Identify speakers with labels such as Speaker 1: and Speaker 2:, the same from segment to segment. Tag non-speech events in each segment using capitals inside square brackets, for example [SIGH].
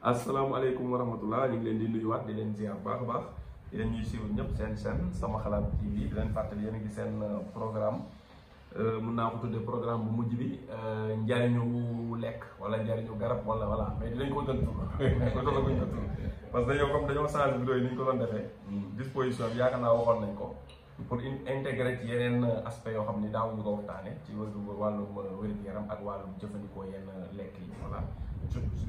Speaker 1: asalaamaaleykum wa rahmatullah ñu ngi leen di waat di leen ziar baax a baax di leen ñuy siiw ñëpp seen seen sama xalaat TV di leen fàttali yéen a ngi seen euh, programme euh, mun naa ko tuddee programme bu mujj bi euh, njariñu lekk wala njariñu garab wala voilà mais dinañ ko dëntu [LAUGHS] ko ko dëntu parce que dañoo comme dañoo changé vidéo yi ni ñu ko doon defee disposition bi yaakaar naa waxoon nañ ko pour intégrer yeneen aspect yoo xam ni daaw ñu ko waxtaane ci wàllu wàllum wér-gu-yaram ak wàllum jëfandikoo yenn lekk yi voilà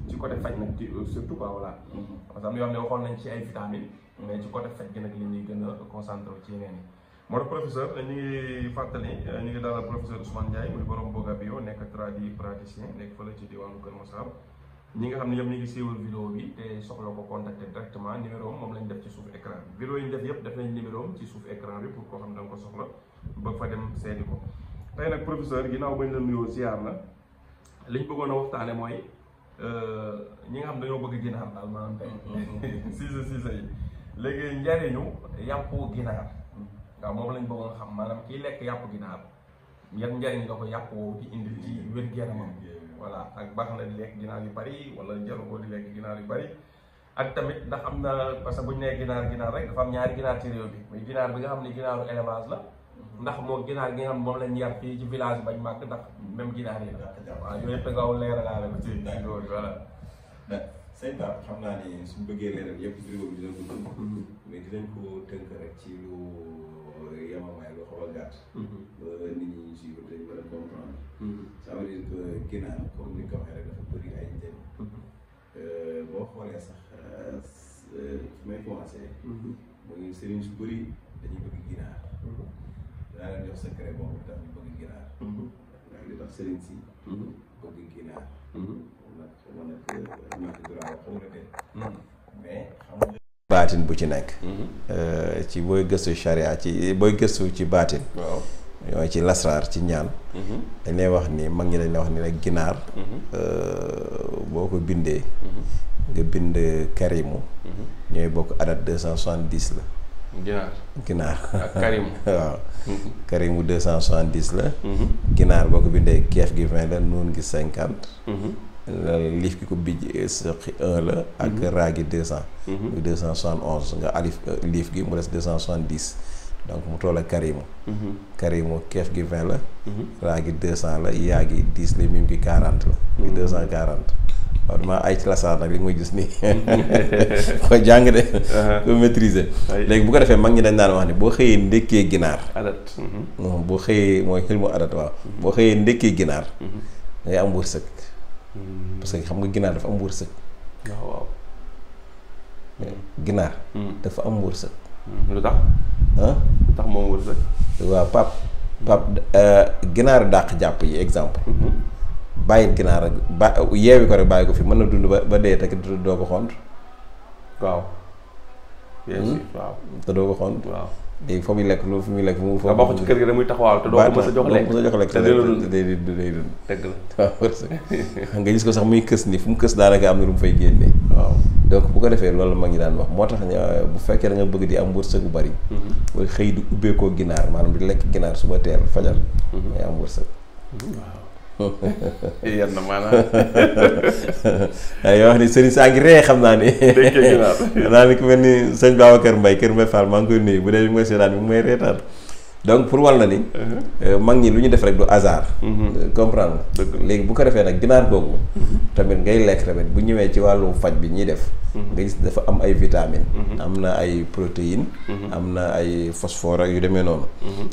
Speaker 1: ci côté faj nag ci surtout quoi voilà. Mm-hmm. parce que am na yoo xam ne waxoon nañ ci ay vitamines. mais ci côté faj gi nag li ñuy gën a concentré ci yeneen yi. moo tax professeur ñu ngi fàttali ñu ngi dalal professeur Ousmane Ndiaye muy moom lañ def ci suuf écran bi vidéo yi ñu def yëpp def nañ numéro ci suuf écran bi pour koo xam da nga ko soxla ba fa dem seeti ko tey nag professeur ginnaaw bañ la nuyoo ziar la liñ bëggoon a waxtaane mooy Euh, ñi nga xam dañoo bëgg ginaar daal maanaam tey siise siise yi léegi njariñu yàpp ginaar waaw moom lañ bëggoon xam maanaam kiy lekk yàpp ginaar yan njariñ la ko yàpp woowu di indi ci wér-gu-yaramam voilà ak baax na di lekk ginaar yu bari wala jaru ko di lekk ginaar yu bari ak tamit ndax am na parce que bu ñu nee ginaar ginaar rek dafa ñaari ginaar ci réew bi muy ginaar bi nga xam ne ginaaru élevage la ndax moo ginaar gi nga xam moom lañ yar fii ci village bañ màkk ndax
Speaker 2: même ginaar yi la waaw yooyu yëpp nga leeralaale ko ci loolu voilà sëñ Ba xam naa ni suñu bëggee leeral yëpp vidéo bi dina ko dund mm-hmm. mais dinañ ko tënk rek ci lu yamamaay lu xaw a gàtt mm-hmm. ba nit ñi ñu suivre dañ war a comprendre mm-hmm. ça veut dire que ginaar comme ni ko waxee rek dafa bëri ay njëriñ euh, boo xoolee sax euh, may commencé mooy sëriñ su bëri dañuy bëgg ginaar Mhm. Mhm. Mhm. naa baatin bu ci nekk. Euh, ci booy gëstu charia ci booy gëstu ci baatin. waaw. ci lasraar ci ñaan dañ lay wax ni mag ñi dañ lay wax ni rek ginaar euh, boo ko bindee nga bind karimu ñooy bokk adat deux cent soixante-dix la ginaar ginaar ak Karim. [LAUGHS] waaw mm-hmm. Karimu deux cent soixante dix la. Mm-hmm. ginaar boo ko bindee keef gi vingt la nuun gi cinquante. Mm-hmm. liif gi ko bij euh, sëqi un la. ak raa gi deux cent. muy cent soixante onze nga alif euh, liif gi mu des deux cent soixante dix. donc mu toll ak Karimu. Karimu keef gi vingt la. raa gi deux cent la yaa gi dix la mim gi quarante la. muy deux cent quarante. waaw damaa ay ci nag li nga may gis nii [LAUGHS] ko jàng de uh-huh. ko léegi bu ko defee mag ñi dañ daan wax ne boo xëyee ndekkee ginaar adat mm-hmm. boo xëyee mooy xel mu adat waaw mm-hmm. boo xëyee ndekkee ginaar mm-hmm. day am wërsëg parce xam nga ginaar dafa am wërsëg waaw waaw ginaar dafa tax tax moom wërsëg waaw pap pap euh, ginaar dàq jàpp yi exemple bàyyil ginaar rek ba yeewi ko rek bàyyi ko fi mën na dund ba ba dee te doo ko xont waaw. Hmm? waaw te doo ko xont waaw léegi fa muy lekk loolu fi muy lekk mu. nga ci kër gi da muy taxawal te doo ko mës a jox lekk day dund dëgg la [LAUGHS] nga gis ko sax muy kës ni fu mu kës daanaka am na lu mu fay génnee. waaw donc bu ko defee loolu mag ñi daan wax moo tax bu fekkee dañoo bëgg di am wërsëg bu bari. Mhm. xëy di ubbeekoo ginaar maanaam di lekk ginaar suba teel fajar. Mhm. ngay am wërsëg. Mhm. waaw. yenn maanaam. yow wax ni ngi ree xam naa ni. naa ni ku mel ni sëñ Babacar Mbaye Kër Mbaye Fall maa ngi koy nuyu bu dee bi mooy seetaan bi mooy reetaan donc pour walla ni. Uh-huh. Euh, mag ñi lu ñu def rek du hasard. Uh-huh. Euh, comprendre léegi bu ko defee nag ginaar googu. Uh-huh. tamit ngay lekk tamit bu ñëwee ci wàllu faj bi ñuy def. nga gis dafa am ay vitamines. am na ay protéines. am na ay phosphore yu demee noonu.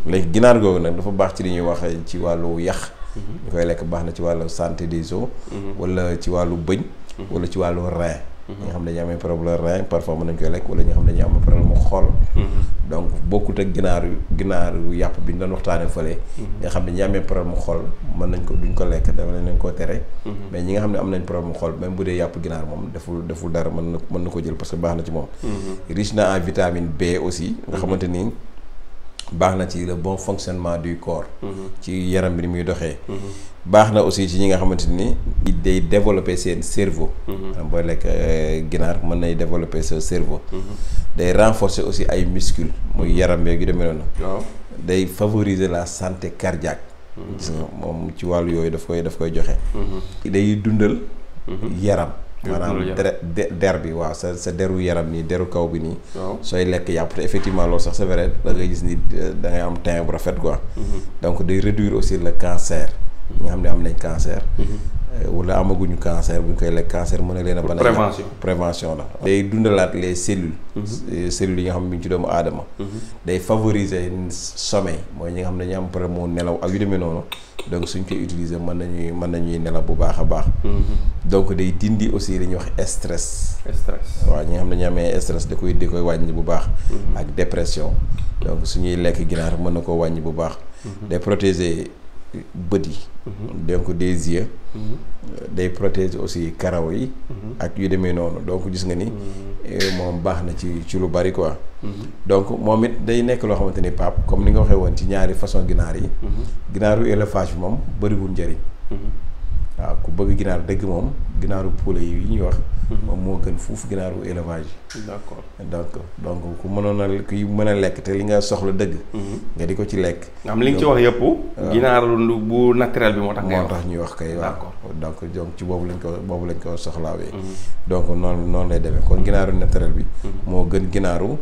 Speaker 2: léegi ginaar googu nag dafa baax ci li ñuy wax ci wàllu yax. ñu koy lekk baax na ci wàllu santé des os mhm. wala ci wàllu bëñ mhm. wala ci wàllu rein mhm. ñi nga xam ne dañuy amee problème rein parfois mën lekk wala ñi nga xam ne dañuy am problème mu xol donc bokkut ak ginaar yu ginaar yu yàpp bi ñu doon waxtaanee fële nga xam ne ñi amee problème mu xol mën nañ ko duñ ko lekk dama leen nañ koo tere mais ñi nga xam ne am nañ problème mu xol même bu dee yàpp ginaar moom deful deful dara mën na mën na ko jël parce que baax na ci moom riche na en vitamine B aussi nga xamante nii baxna na ci le bon fonctionnement du corps. Mhm. ci yaram bi muy doxé mhm. baxna na aussi ci ñi nga xamante ni day développer seen cerveau. Mhm. maanaam booy lekk euh, mën nay développer sa cerveau. day renforcer aussi ay muscles muy yaram bi yu demee non waaw day favoriser la santé cardiaque. mom ci walu yooyu daf koy daf koy joxé day dundal yaram maanaam der bi waaw sa sa deru yaram nii deru kaw bi nii sooy lekk yàpp te effectivement loolu sax c'est vrai da ngay gis ni euh, da ngay am teint bu rafet quoi mm-hmm. donc day réduire aussi le cancer ñi nga xam ne am nañ cancer mm-hmm. Euh, wala amaguñu cancer bu koy lekk cancer mën na leen a. ban prévention prévention la. day dundalaat les cellules. Mhm. Euh, cellules yi nga xam ne ci doomu aadama. Mhm. day favoriser sommeil mooy ñi nga xam ne am problème mu nelaw ak yu demee noonu donc suñ koy utiliser mën nañuy mën nañuy nelaw bu baax a baax. Mhm. donc day dindi aussi li wax stress. stress waaw ñi nga xam ne dañuy stress da koy da koy wàññi bu baax. ak dépression donc suñuy lekk ginaar mën na koo wàññi bu baax. day protéger. bët yi mhm. donc des yeux mhm. day protéger aussi karaw yi mhm. ak yu demee noonu donc gis nga ni eh, moom baax na ci ci lu bari quoi donc moom it day nekk loo xamante ni paap comme ni nga waxee woon ci ñaari façon ginaar yi ginaaru élevage moom bëriwul njëriñ waaw ku bëgg ginaar dëgg moom ginaaru poule yi ñuy wax. Mhm. moom moo gën fuuf ginaaru élevage yi. d'accord donc donc ku mënoon a kuy mën a lekk te li nga soxla dëgg. Mhm. nga di ko ci lekk. nga xam li nga ci wax yëpp. ginaar lu bu naturel bi moo tax. moo tax ñuy wax kay waaw donc donc ci boobu lañ ko boobu lañ ko soxlaawee. Mhm. donc noonu noonu lay demee kon ginaaru naturel bi. moo gën ginaaru.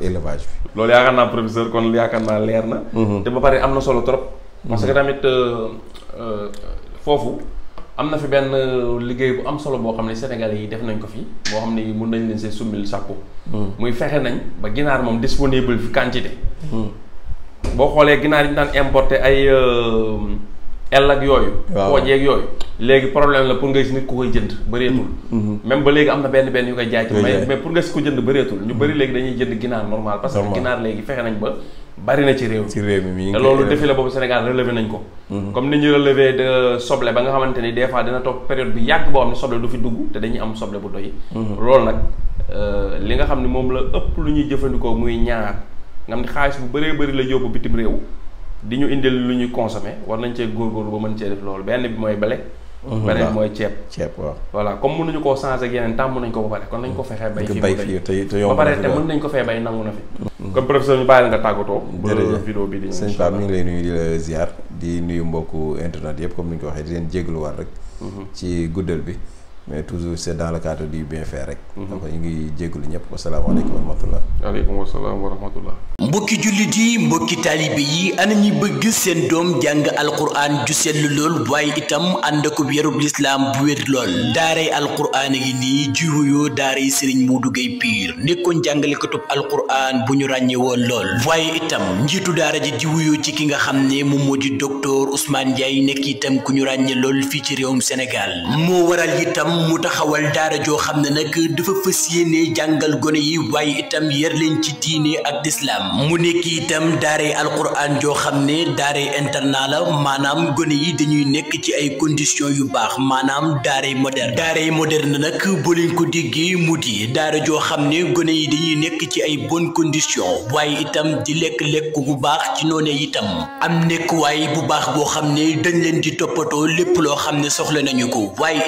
Speaker 2: élevage bi.
Speaker 3: loolu
Speaker 1: yaakaar naa professeur kon yaakaar naa leer na. te ba pare am na solo trop. parce tamit euh, euh, foofu. am na fi benn liggéey bu am solo boo xam ne sénégal yi def nañ ko fi moo xam ne mun nañ leen see summil sàkku hmm. muy fexe nañ ba ginaar moom disponible fi quantité hmm. boo xoolee ginaar yi ñu daan importer ay euh, el ak yooyu pooj yeeg yooyu léegi problème la pour nga gis nit ku koy jënd bëreetul hmm. même ba léegi am na benn benn yu koy jaay mais pour nga gis ko jënd bëreetul ñu bëri léegi dañuy jënd ginaar normal parce que ginaar léegi fexe nañ ba bari na ci réew mi ci réew mi te loolu défi la boobu Sénégal relevé nañ ko. Mhm. comme ni ñu relevé de soble ba nga xamante ni des fois dina toog période bi yàgg boo xam ne soble du fi dugg te dañuy am soble bu doy. Mhm. loolu nag euh, li nga xam ne moom la ëpp lu ñuy jëfandikoo muy ñaar nga xam ne xaalis bu bëree bari la yóbbu bitim réew di ñu indil lu ñuy consommé war nañ cee góorgóorlu ba mën cee def loolu benn bi mooy bale.
Speaker 3: Mhm. beneen mooy ceeb ceeb waaw
Speaker 1: voilà comme mënuñu koo changé ak yeneen ko ba pare kon nañ ko fee bay nangu na fi comme professeur ñu bàyyi la nga tàggatoo. jërëjëf vidéo bi di sëñ Pape
Speaker 2: ngi lay nuyu di di nuyu mbokku internet yëpp comme ni ñu ko waxee di leen jégluwaat rek. Mm-hmm. ci guddal bi. mais toujours c' est dans le cadre du bien faire rek. Mhm. donc ñu ngi jégalu ñëpp wasalaamaaleykum wa rahmatulah. waaleykum salaam wa rahmatulah.
Speaker 3: mbokki jullit yi mbokki taalibe yi ana bëgg seen doom jàng alquran ju sell lool waaye itam ànd ak yarub lislaam bu wér lool daaray alquran yi nii ji wuyoo daaray Serigne Modou Gueye Pire nekkoon jàngalekatub alquran bu ñu ràññee woon lool waaye itam njiitu daara ji ji wuyoo ci ki nga xam ne moom moo di docteur Ousmane Ndiaye nekk itam ku ñu ràññee lool fii ci réewum senegal moo waral itam. itam mu taxawal daara joo xam ne nag dafa fas yéene jàngal gone yi waaye itam yar leen ci diine ak lislaam mu nekk itam daaray alquran joo xam ne daaray internat la maanaam gone yi dañuy nekk ci ay conditions yu baax maanaam daaray moderne yi moderne nag boo leen ko déggee mu di daara joo xam ne gone yi dañuy nekk ci ay bon conditions waaye itam di lekk-lekk bu baax ci noone itam am nekk waaye bu baax boo xam ne dañ leen di toppatoo lépp loo xam ne soxla nañu ko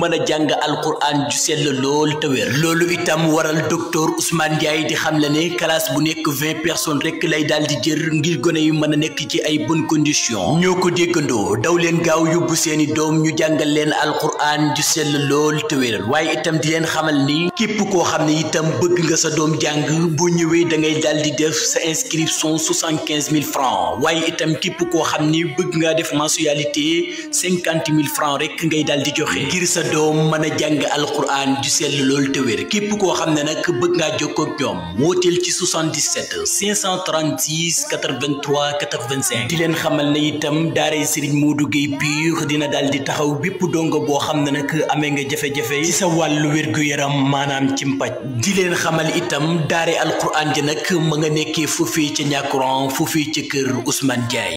Speaker 3: mën a jàng alquran ju sell lool te wér loolu itam waral docteur usmaan Ndiaye di xam le ne classe bu nekk vingt personnes rek lay daal di jër ngir gone yu mën a nekk ci ay bonnes conditions ñoo ko déggandoo daw leen gaaw yóbbu seeni doom ñu jàngal leen alquran ju sell lool te wér waaye itam di leen xamal ni képp koo xam ne itam bëgg nga sa doom jàng boo ñëwee da ngay daal di def sa inscription soixante quinze mille francs waaye itam képp koo xam ni bëgg ngaa def mensualité cinquante mille doom mën a jàng alquran ji sell loolu te wér képp koo xam ne nag bëgg ngaa jokkoo ak ñoom wooteel ci 77 536 83 85 di leen xamal na itam daaray Serigne Modou Gueye Pire dina daal di taxaw bépp dongo boo xam ne nag amee nga jafe-jafe ci sa wàllu wér-gu-yaram maanaam ci mpaj di leen xamal itam daare alquran ji nag ma nga nekkee foofii ca ñàkkuran foofii ca kër Ousmane Diaye